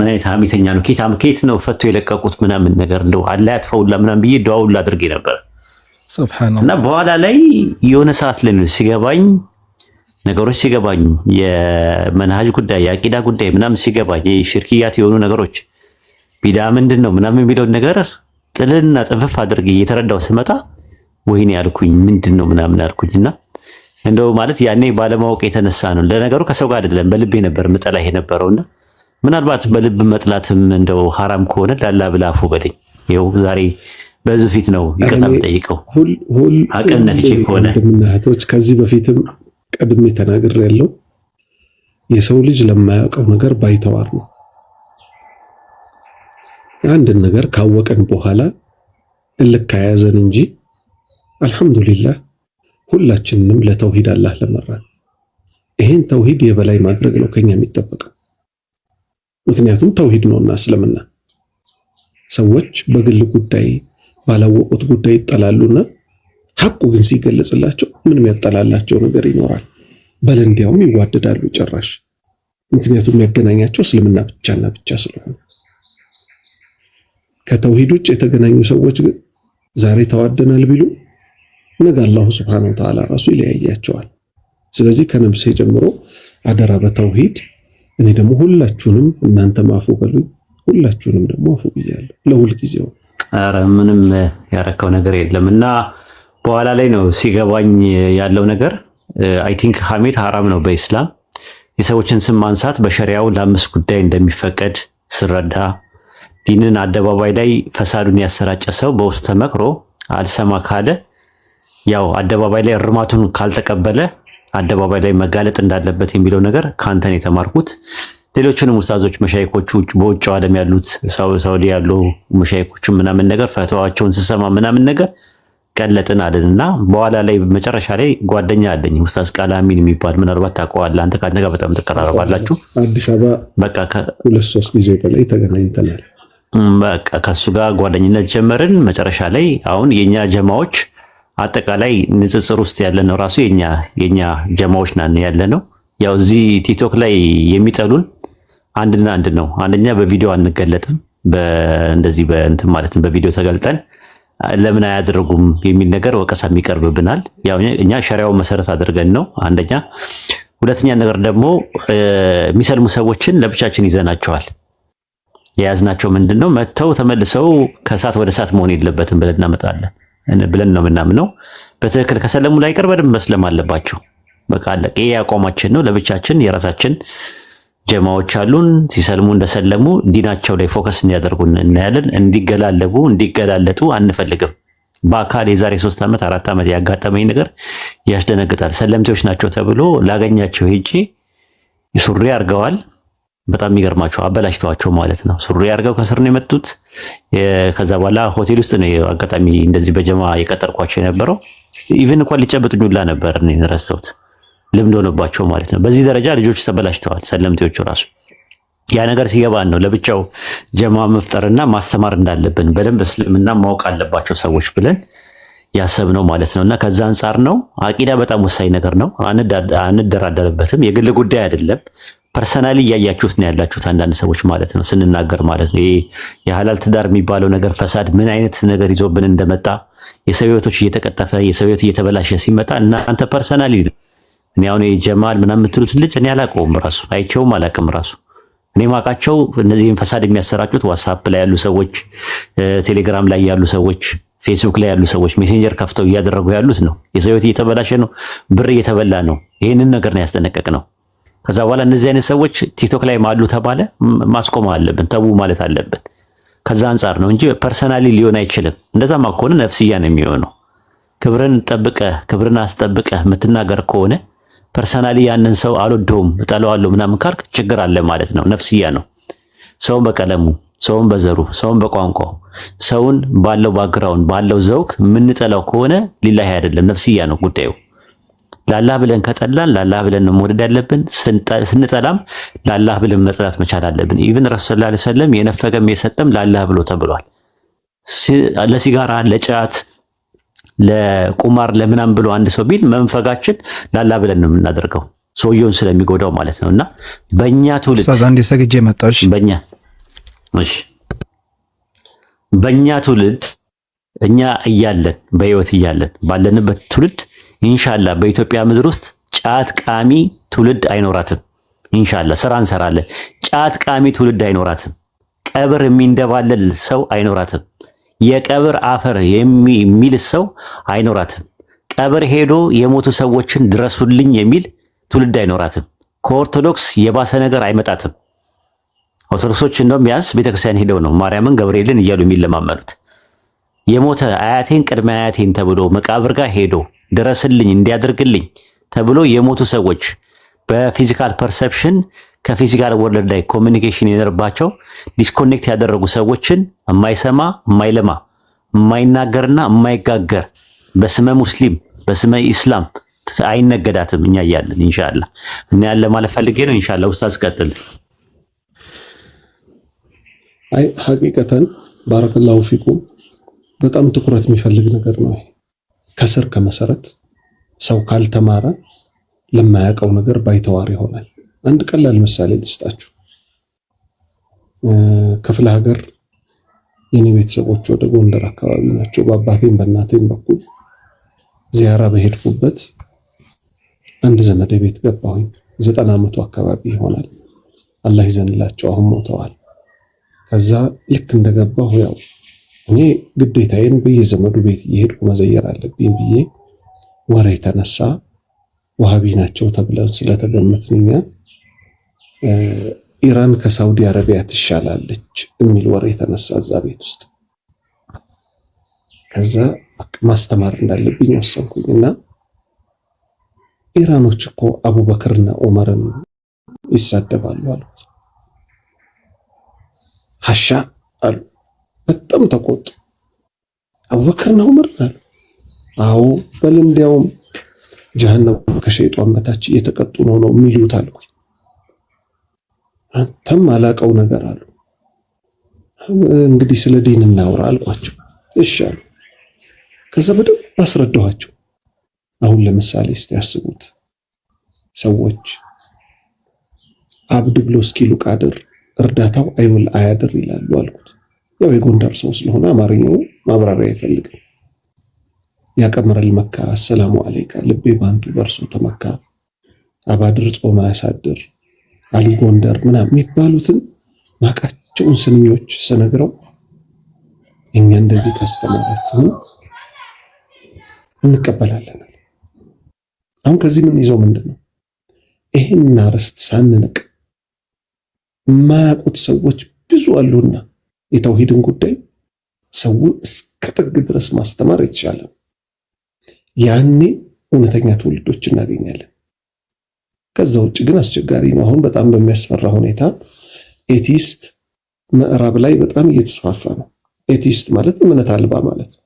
ምን አይነት ሀሜተኛ ነው? ኬት ኬት ነው ፈቶ የለቀቁት ምናምን ነገር እንደው አላ ያጥፈውላ ምናምን ብዬ ደዋውላ አድርጌ ነበር እና በኋላ ላይ የሆነ ሰዓት ላይ ሲገባኝ ነገሮች ሲገባኝ የመናሃጅ ጉዳይ የአቂዳ ጉዳይ ምናምን ሲገባኝ ሽርክያት የሆኑ ነገሮች ቢዳ ምንድን ነው ምናምን የሚለውን ነገር ጥልልና ጥንፍፍ አድርጌ እየተረዳው ስመጣ ወይኔ ያልኩኝ ምንድን ነው ምናምን አልኩኝ እና እንደው ማለት ያኔ ባለማወቅ የተነሳ ነው። ለነገሩ ከሰው ጋር አይደለም በልቤ ነበር ምጠላ የነበረውና ምናልባት በልብ መጥላትም እንደው ሐራም ከሆነ ዳላ ብላ በለኝ። ይኸው ዛሬ በዙ ፊት ነው ይቅርታ የምጠይቀው። አቅም ነክቼ ከሆነ እህቶች፣ ከዚህ በፊትም ቀድሜ ተናግር ያለው የሰው ልጅ ለማያውቀው ነገር ባይተዋር ነው። አንድን ነገር ካወቀን በኋላ እልካያዘን እንጂ አልሐምዱሊላህ ሁላችንንም ለተውሂድ አላህ ለመራን። ይህን ተውሂድ የበላይ ማድረግ ነው ከኛ የሚጠበቀው። ምክንያቱም ተውሂድ ነውና እስልምና። ሰዎች በግል ጉዳይ ባላወቁት ጉዳይ ይጠላሉና ሐቁ ግን ሲገለጽላቸው ምንም ያጠላላቸው ነገር ይኖራል። በል እንዲያውም ይዋደዳሉ ጭራሽ። ምክንያቱም የሚያገናኛቸው እስልምና ብቻና ብቻ ስለሆነ። ከተውሂድ ውጭ የተገናኙ ሰዎች ግን ዛሬ ተዋደናል ቢሉ ነገ አላሁ ስብሐነሁ ወተዓላ ራሱ ይለያያቸዋል። ስለዚህ ከነብሴ ጀምሮ አደራ በተውሂድ እኔ ደግሞ ሁላችሁንም እናንተም ማፉ በሉኝ፣ ሁላችሁንም ደግሞ አፉ ብያለሁ ለሁል ጊዜው። ኧረ ምንም ያረከው ነገር የለም እና በኋላ ላይ ነው ሲገባኝ ያለው ነገር አይ ቲንክ ሐሜት ሀራም ነው በኢስላም የሰዎችን ስም ማንሳት በሸሪያው ለአምስት ጉዳይ እንደሚፈቀድ ስረዳ ዲንን አደባባይ ላይ ፈሳዱን ያሰራጨ ሰው በውስጥ ተመክሮ አልሰማ ካለ ያው አደባባይ ላይ እርማቱን ካልተቀበለ አደባባይ ላይ መጋለጥ እንዳለበት የሚለው ነገር ከአንተን የተማርኩት። ሌሎችንም ውስታዞች መሻይኮቹ በውጭ ዓለም ያሉት ሳውዲ ያሉ መሻይኮቹ ምናምን ነገር ፈተዋቸውን ስሰማ ምናምን ነገር ቀለጥን አለን እና በኋላ ላይ መጨረሻ ላይ ጓደኛ አለኝ ውስታዝ ቃላሚን የሚባል ምናልባት ታውቀዋለህ አንተ ከአንተ ጋር በጣም ትቀራረባላችሁ። አዲስ አበባ በቃ ሁለት ሶስት ጊዜ በላይ ተገናኝተናል። በቃ ከእሱ ጋር ጓደኝነት ጀመርን። መጨረሻ ላይ አሁን የእኛ ጀማዎች አጠቃላይ ንጽጽር ውስጥ ያለ ነው ራሱ የኛ የኛ ጀማዎች ናን ያለ ነው። ያው እዚህ ቲክቶክ ላይ የሚጠሉን አንድና አንድ ነው። አንደኛ በቪዲዮ አንገለጥም፣ እንደዚህ በእንትን ማለት ነው። በቪዲዮ ተገልጠን ለምን አያደርጉም የሚል ነገር ወቀሳ ይቀርብብናል። ያው እኛ ሸሪያው መሰረት አድርገን ነው አንደኛ። ሁለተኛ ነገር ደግሞ የሚሰልሙ ሰዎችን ለብቻችን ይዘናቸዋል። የያዝናቸው ምንድን ነው መጥተው ተመልሰው ከእሳት ወደ እሳት መሆን የለበትም ብለን እናመጣለን። ብለን ነው የምናምነው። በትክክል ከሰለሙ ላይ ቀር በደንብ መስለም አለባቸው። በቃ አለቀ። ይሄ አቋማችን ነው። ለብቻችን የራሳችን ጀማዎች አሉን። ሲሰልሙ እንደሰለሙ ዲናቸው ላይ ፎከስ እንዲያደርጉ እናያለን። እንዲገላለቡ እንዲገላለጡ አንፈልግም። በአካል የዛሬ ሶስት ዓመት አራት ዓመት ያጋጠመኝ ነገር ያስደነግጣል። ሰለምቴዎች ናቸው ተብሎ ላገኛቸው ሄጄ ሱሪ አድርገዋል በጣም የሚገርማቸው አበላሽተዋቸው ማለት ነው። ሱሪ አድርገው ከስር ነው የመጡት። ከዛ በኋላ ሆቴል ውስጥ ነው አጋጣሚ እንደዚህ በጀማ የቀጠርኳቸው የነበረው። ኢቨን እንኳን ሊጨበጡኝ ሁላ ነበር ረስተውት ልምድ ሆነባቸው ማለት ነው። በዚህ ደረጃ ልጆች ተበላሽተዋል። ሰለምቴዎቹ ራሱ ያ ነገር ሲገባን ነው ለብቻው ጀማ መፍጠርና ማስተማር እንዳለብን በደንብ እስልምና ማወቅ አለባቸው ሰዎች ብለን ያሰብ ነው ማለት ነው። እና ከዛ አንጻር ነው አቂዳ በጣም ወሳኝ ነገር ነው። አንደራደርበትም። የግል ጉዳይ አይደለም። ፐርሰናሊ እያያችሁት ነው ያላችሁት አንዳንድ ሰዎች ማለት ነው ስንናገር ማለት ነው። ይሄ የሀላል ትዳር የሚባለው ነገር ፈሳድ ምን አይነት ነገር ይዞብን እንደመጣ የሰው ህይወቶች እየተቀጠፈ የሰው ሕይወት እየተበላሸ ሲመጣ እናንተ ፐርሰናሊ እኔ አሁን ጀማል ምናምን የምትሉት ልጅ እኔ አላውቀውም ራሱ አይቼውም አላውቅም ራሱ እኔ ማውቃቸው እነዚህን ፈሳድ የሚያሰራጩት ዋትሳፕ ላይ ያሉ ሰዎች፣ ቴሌግራም ላይ ያሉ ሰዎች፣ ፌስቡክ ላይ ያሉ ሰዎች ሜሴንጀር ከፍተው እያደረጉ ያሉት ነው። የሰው ህይወት እየተበላሸ ነው፣ ብር እየተበላ ነው። ይህንን ነገር ነው ያስጠነቀቅ ነው። ከዛ በኋላ እነዚህ አይነት ሰዎች ቲክቶክ ላይ ማሉ ተባለ፣ ማስቆም አለብን ተቡ ማለት አለብን። ከዛ አንጻር ነው እንጂ ፐርሰናሊ ሊሆን አይችልም። እንደዛማ ከሆነ ነፍስያ ነው የሚሆነው። ክብርን ጠብቀ ክብርን አስጠብቀ የምትናገር ከሆነ ፐርሰናሊ ያንን ሰው አልወደውም እጠለዋለሁ ምናምን ካልክ ችግር አለ ማለት ነው። ነፍስያ ነው። ሰውን በቀለሙ ሰውን በዘሩ ሰውን በቋንቋው ሰውን ባለው ባግራውንድ ባለው ዘውግ የምንጠላው ከሆነ ሊላህ አይደለም፣ ነፍስያ ነው ጉዳዩ። ላላህ ብለን ከጠላን ላላህ ብለን መውደድ ያለብን፣ ስንጠላም ላላህ ብለን መጥላት መቻል አለብን። ኢብን ረሱል ሰለላሁ ዐለይሂ ወሰለም የነፈገም የሰጠም ላላህ ብሎ ተብሏል። ለሲጋራ፣ ለጫት፣ ለቁማር፣ ለምናም ብሎ አንድ ሰው ቢል መንፈጋችን ላላህ ብለን ነው የምናደርገው ሰውየውን ስለሚጎዳው ማለት ነውና በእኛ ትውልድ አንዴ ሰግጄ መጣሽ በእኛ እሺ በእኛ ትውልድ እኛ እያለን በህይወት እያለን ባለንበት ትውልድ ኢንሻላ በኢትዮጵያ ምድር ውስጥ ጫት ቃሚ ትውልድ አይኖራትም። ኢንሻላ ስራ እንሰራለን። ጫት ቃሚ ትውልድ አይኖራትም። ቀብር የሚንደባለል ሰው አይኖራትም። የቀብር አፈር የሚል ሰው አይኖራትም። ቀብር ሄዶ የሞቱ ሰዎችን ድረሱልኝ የሚል ትውልድ አይኖራትም። ከኦርቶዶክስ የባሰ ነገር አይመጣትም። ኦርቶዶክሶች እንደውም ቢያንስ ቤተክርስቲያን ሄደው ነው ማርያምን ገብርኤልን እያሉ የሚለማመኑት። የሞተ አያቴን ቅድመ አያቴን ተብሎ መቃብር ጋር ሄዶ ድረስልኝ፣ እንዲያደርግልኝ ተብሎ የሞቱ ሰዎች በፊዚካል ፐርሰፕሽን ከፊዚካል ወርልድ ላይ ኮሚኒኬሽን የነበርባቸው ዲስኮኔክት ያደረጉ ሰዎችን የማይሰማ የማይለማ የማይናገርና የማይጋገር በስመ ሙስሊም በስመ ኢስላም አይነገዳትም። እኛ እያለን እንሻላ እና ያለ ማለት ፈልጌ ነው። እንሻላ ኡስታዝ ቀጥል። አይ ሀቂቀተን ባረከላሁ ፊኩም በጣም ትኩረት የሚፈልግ ነገር ነው። ከስር ከመሰረት ሰው ካልተማረ ለማያውቀው ነገር ባይተዋር ይሆናል። አንድ ቀላል ምሳሌ ልስጣችሁ። ክፍለ ሀገር የኔ ቤተሰቦች ወደ ጎንደር አካባቢ ናቸው። በአባቴም በእናቴም በኩል ዚያራ በሄድኩበት አንድ ዘመደ ቤት ገባሁኝ። ዘጠና ዓመቱ አካባቢ ይሆናል። አላህ ይዘንላቸው፣ አሁን ሞተዋል። ከዛ ልክ እንደገባሁ ያው እኔ ግዴታዬን በየዘመዱ ቤት እየሄድኩ መዘየር አለብኝ ብዬ ወሬ የተነሳ ዋሃቢ ናቸው ተብለን ስለተገመትን እኛ ኢራን ከሳውዲ አረቢያ ትሻላለች የሚል ወሬ የተነሳ እዛ ቤት ውስጥ ከዛ ማስተማር እንዳለብኝ እና ኢራኖች እኮ አቡበክርና ዑመርን ይሳደባሉ አሉ ሀሻ አሉ በጣም ተቆጡ። አቡበከርና ነው አሉ። አዎ በል እንዲያውም ጀሃነም ከሸይጧን በታች እየተቀጡ ነው ነው የሚሉት አልኩኝ። አንተም አላቀው ነገር አሉ። እንግዲህ ስለ ዲን እናውራ አልኳቸው። እሺ አሉ። ከዛ በደንብ አስረዳኋቸው። አሁን ለምሳሌ እስቲ ያስቡት ሰዎች አብድ ብሎ እስኪሉ ቃድር እርዳታው አይውል አያድር ይላሉ አልኩት። ያው የጎንደር ሰው ስለሆነ አማርኛው ማብራሪያ አይፈልግም። ያቀምረል መካ አሰላሙ አለይካ ልቤ ባንቱ በርሶ ተመካ አባድር ጾማ ያሳድር አሊ ጎንደር ምናምን የሚባሉትን ማቃቸውን ስንኞች ስነግረው እኛ እንደዚህ ካስተማራችሁ እንቀበላለን። አሁን ከዚህ ምን ይዘው ምንድን ነው ይህን አርዕስት ሳንንቅ የማያውቁት ሰዎች ብዙ አሉና የተውሂድን ጉዳይ ሰው እስከ ጥግ ድረስ ማስተማር አይቻልም። ያኔ እውነተኛ ትውልዶች እናገኛለን። ከዛ ውጭ ግን አስቸጋሪ ነው። አሁን በጣም በሚያስፈራ ሁኔታ ኤቲስት ምዕራብ ላይ በጣም እየተስፋፋ ነው። ኤቲስት ማለት እምነት አልባ ማለት ነው።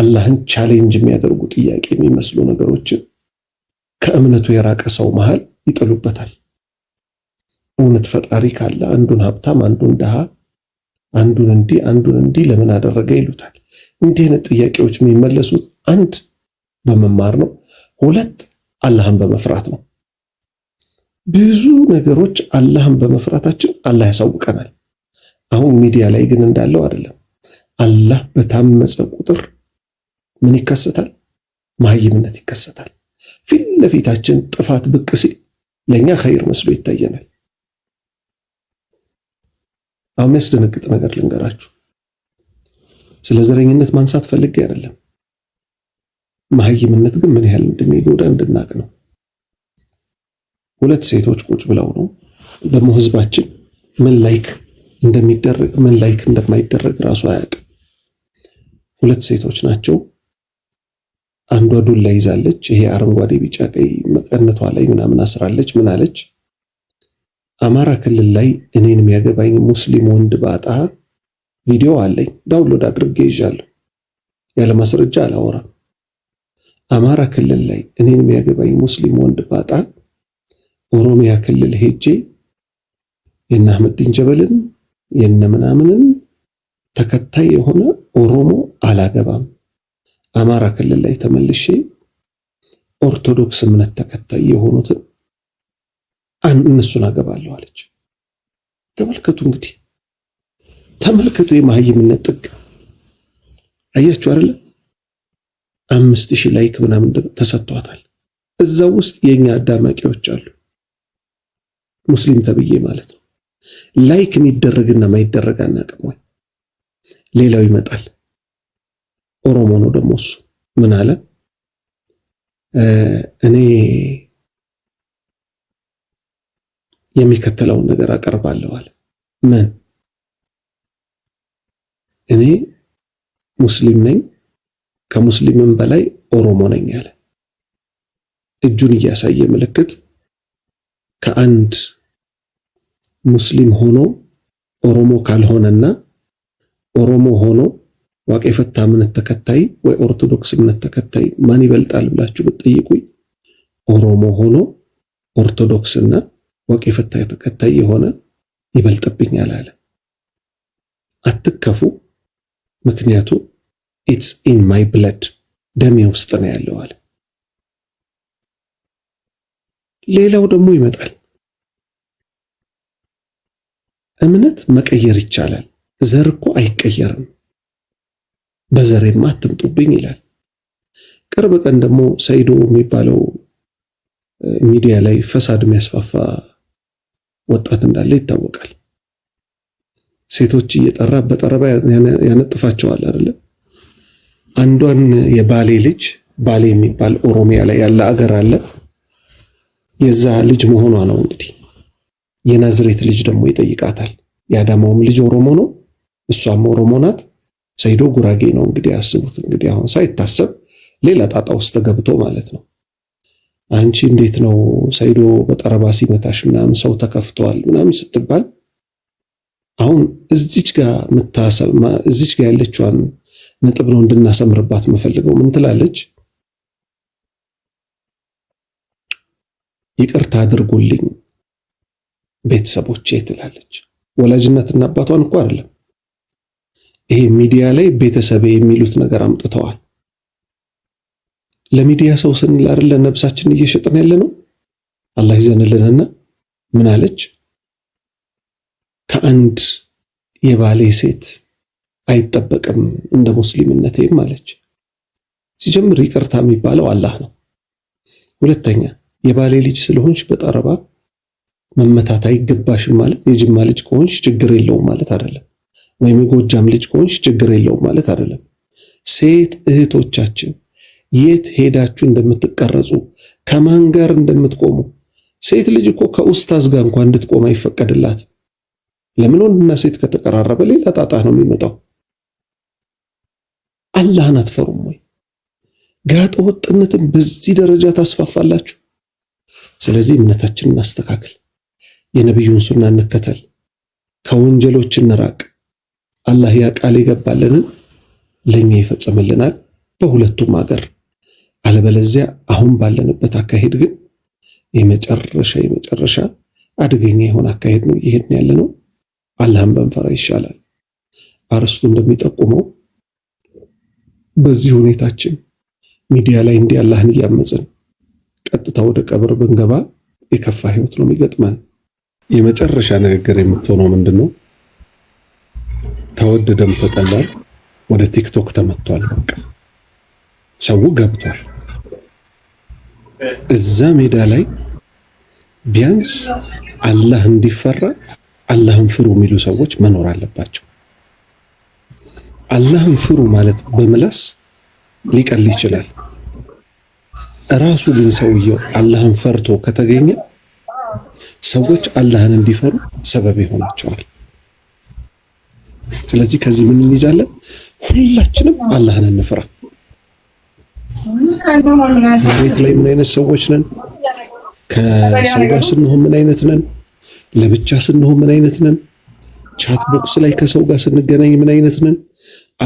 አላህን ቻሌንጅ የሚያደርጉ ጥያቄ የሚመስሉ ነገሮችን ከእምነቱ የራቀ ሰው መሃል ይጥሉበታል። እውነት ፈጣሪ ካለ አንዱን ሀብታም፣ አንዱን ድሃ፣ አንዱን እንዲህ አንዱን እንዲህ ለምን አደረገ ይሉታል። እንዲህ አይነት ጥያቄዎች የሚመለሱት አንድ በመማር ነው፣ ሁለት አላህን በመፍራት ነው። ብዙ ነገሮች አላህን በመፍራታችን አላህ ያሳውቀናል። አሁን ሚዲያ ላይ ግን እንዳለው አይደለም። አላህ በታመፀ ቁጥር ምን ይከሰታል? መሀይምነት ይከሰታል። ፊት ለፊታችን ጥፋት ብቅ ሲል ለእኛ ኸይር መስሎ ይታየናል። አሁን የሚያስደነግጥ ነገር ልንገራችሁ። ስለ ዘረኝነት ማንሳት ፈልጌ አይደለም። መሀይምነት ግን ምን ያህል እንደሚጎዳ እንድናቅ ነው። ሁለት ሴቶች ቁጭ ብለው ነው ደግሞ ህዝባችን ምን ላይክ እንደሚደረግ ምን ላይክ እንደማይደረግ ራሱ አያውቅም። ሁለት ሴቶች ናቸው። አንዷ ዱላ ይዛለች። ይሄ አረንጓዴ፣ ቢጫ፣ ቀይ መቀነቷ ላይ ምናምን አስራለች። ምን አለች? አማራ ክልል ላይ እኔን የሚያገባኝ ሙስሊም ወንድ ባጣ ቪዲዮ አለኝ፣ ዳውንሎድ አድርጌ ይዣለሁ። ያለ ማስረጃ አላወራም። አማራ ክልል ላይ እኔን የሚያገባኝ ሙስሊም ወንድ ባጣ ኦሮሚያ ክልል ሄጄ የነ አህመዲን ጀበልን የነ ምናምንን ተከታይ የሆነ ኦሮሞ አላገባም። አማራ ክልል ላይ ተመልሼ ኦርቶዶክስ እምነት ተከታይ የሆኑትን እነሱን አገባለሁ አለች። ተመልከቱ እንግዲህ ተመልከቱ፣ የመሀይምነት ጥግ አያችሁ አይደለ? አምስት ሺህ ላይክ ምናምን ተሰጥቷታል። እዛው ውስጥ የኛ አዳማቂዎች አሉ፣ ሙስሊም ተብዬ ማለት ነው። ላይክ የሚደረግና ማይደረግ አናውቅም ወይ? ሌላው ይመጣል። ኦሮሞ ነው ደግሞ እሱ ምን አለ እኔ የሚከተለውን ነገር አቀርባለዋል። ምን እኔ ሙስሊም ነኝ፣ ከሙስሊምም በላይ ኦሮሞ ነኝ ያለ እጁን እያሳየ ምልክት ከአንድ ሙስሊም ሆኖ ኦሮሞ ካልሆነና ኦሮሞ ሆኖ ዋቄ ፈታ እምነት ተከታይ ወይ ኦርቶዶክስ እምነት ተከታይ ማን ይበልጣል ብላችሁ ብትጠይቁኝ ኦሮሞ ሆኖ ኦርቶዶክስና ወቅ የፈታ ተከታይ የሆነ ይበልጥብኛል አለ። አትከፉ፣ ምክንያቱ ኢትስ ኢን ማይ ብለድ ደሜ ውስጥ ነው ያለው አለ። ሌላው ደግሞ ይመጣል። እምነት መቀየር ይቻላል። ዘር እኮ አይቀየርም። በዘሬማ አትምጡብኝ ይላል። ቅርብ ቀን ደግሞ ሰይዶ የሚባለው ሚዲያ ላይ ፈሳድ የሚያስፋፋ ወጣት እንዳለ ይታወቃል። ሴቶች እየጠራ በጠረባ ያነጥፋቸዋል አይደለ? አንዷን የባሌ ልጅ ባሌ የሚባል ኦሮሚያ ላይ ያለ አገር አለ። የዛ ልጅ መሆኗ ነው እንግዲህ። የናዝሬት ልጅ ደግሞ ይጠይቃታል። የአዳማውም ልጅ ኦሮሞ ነው፣ እሷም ኦሮሞ ናት። ሰይዶ ጉራጌ ነው እንግዲህ። ያስቡት እንግዲህ አሁን ሳይታሰብ ሌላ ጣጣ ውስጥ ገብቶ ማለት ነው። አንቺ እንዴት ነው ሰይዶ በጠረባ ሲመታሽ ምናምን ሰው ተከፍቷል ምናምን ስትባል አሁን እዚች ጋር እዚች ጋር ያለችዋን ነጥብ ነው እንድናሰምርባት የምፈልገው። ምን ትላለች? ይቅርታ አድርጉልኝ ቤተሰቦቼ ትላለች። ወላጅነትና አባቷን እኮ አይደለም ይሄ ሚዲያ ላይ ቤተሰብ የሚሉት ነገር አምጥተዋል። ለሚዲያ ሰው ስንል አይደለ ነብሳችን እየሸጥን ያለ ነው። አላህ ይዘንልንና ምን አለች? ከአንድ የባሌ ሴት አይጠበቅም እንደ ሙስሊምነቴም አለች። ሲጀምር ይቅርታ የሚባለው አላህ ነው። ሁለተኛ የባሌ ልጅ ስለሆንሽ በጠረባ መመታት አይገባሽም ማለት የጅማ ልጅ ከሆንሽ ችግር የለውም ማለት አይደለም። ወይም የጎጃም ልጅ ከሆንሽ ችግር የለውም ማለት አይደለም። ሴት እህቶቻችን የት ሄዳችሁ እንደምትቀረጹ ከማን ጋር እንደምትቆሙ። ሴት ልጅ እኮ ከኡስታዝ ጋር እንኳን እንድትቆም አይፈቀድላት። ለምን? ወንድና ሴት ከተቀራረበ ሌላ ጣጣ ነው የሚመጣው። አላህን አትፈሩም ወይ? ጋጠ ወጥነትን በዚህ ደረጃ ታስፋፋላችሁ። ስለዚህ እምነታችንን እናስተካክል፣ የነቢዩን ሱና እንከተል፣ ከወንጀሎች እንራቅ። አላህ ያ ቃል የገባልንን ለእኛ ይፈጽምልናል በሁለቱም አገር አለበለዚያ አሁን ባለንበት አካሄድ ግን የመጨረሻ የመጨረሻ አደገኛ የሆነ አካሄድ ነው እየሄድን ያለ ነው። አላህን በንፈራ ይሻላል። አርዕስቱ እንደሚጠቁመው በዚህ ሁኔታችን ሚዲያ ላይ እንዲህ አላህን እያመፅን ቀጥታ ወደ ቀብር ብንገባ የከፋ ህይወት ነው የሚገጥመን። የመጨረሻ ንግግር የምትሆነው ምንድን ነው? ተወደደም ተጠላል ወደ ቲክቶክ ተመቷል። በቃ ሰው ገብቷል። እዛ ሜዳ ላይ ቢያንስ አላህ እንዲፈራ አላህን ፍሩ የሚሉ ሰዎች መኖር አለባቸው። አላህን ፍሩ ማለት በምላስ ሊቀል ይችላል። ራሱ ግን ሰውየው አላህን ፈርቶ ከተገኘ ሰዎች አላህን እንዲፈሩ ሰበብ ይሆናቸዋል። ስለዚህ ከዚህ ምን እንይዛለን? ሁላችንም አላህን እንፍራ። ቤት ላይ ምን አይነት ሰዎች ነን፣ ከሰው ጋር ስንሆን ምን አይነት ነን፣ ለብቻ ስንሆን ምን አይነት ነን፣ ቻት ቦክስ ላይ ከሰው ጋር ስንገናኝ ምን አይነት ነን።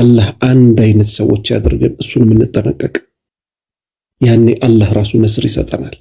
አላህ አንድ አይነት ሰዎች ያደርገን፣ እሱን የምንጠነቀቅ ያኔ አላህ ራሱ ነስር ይሰጠናል።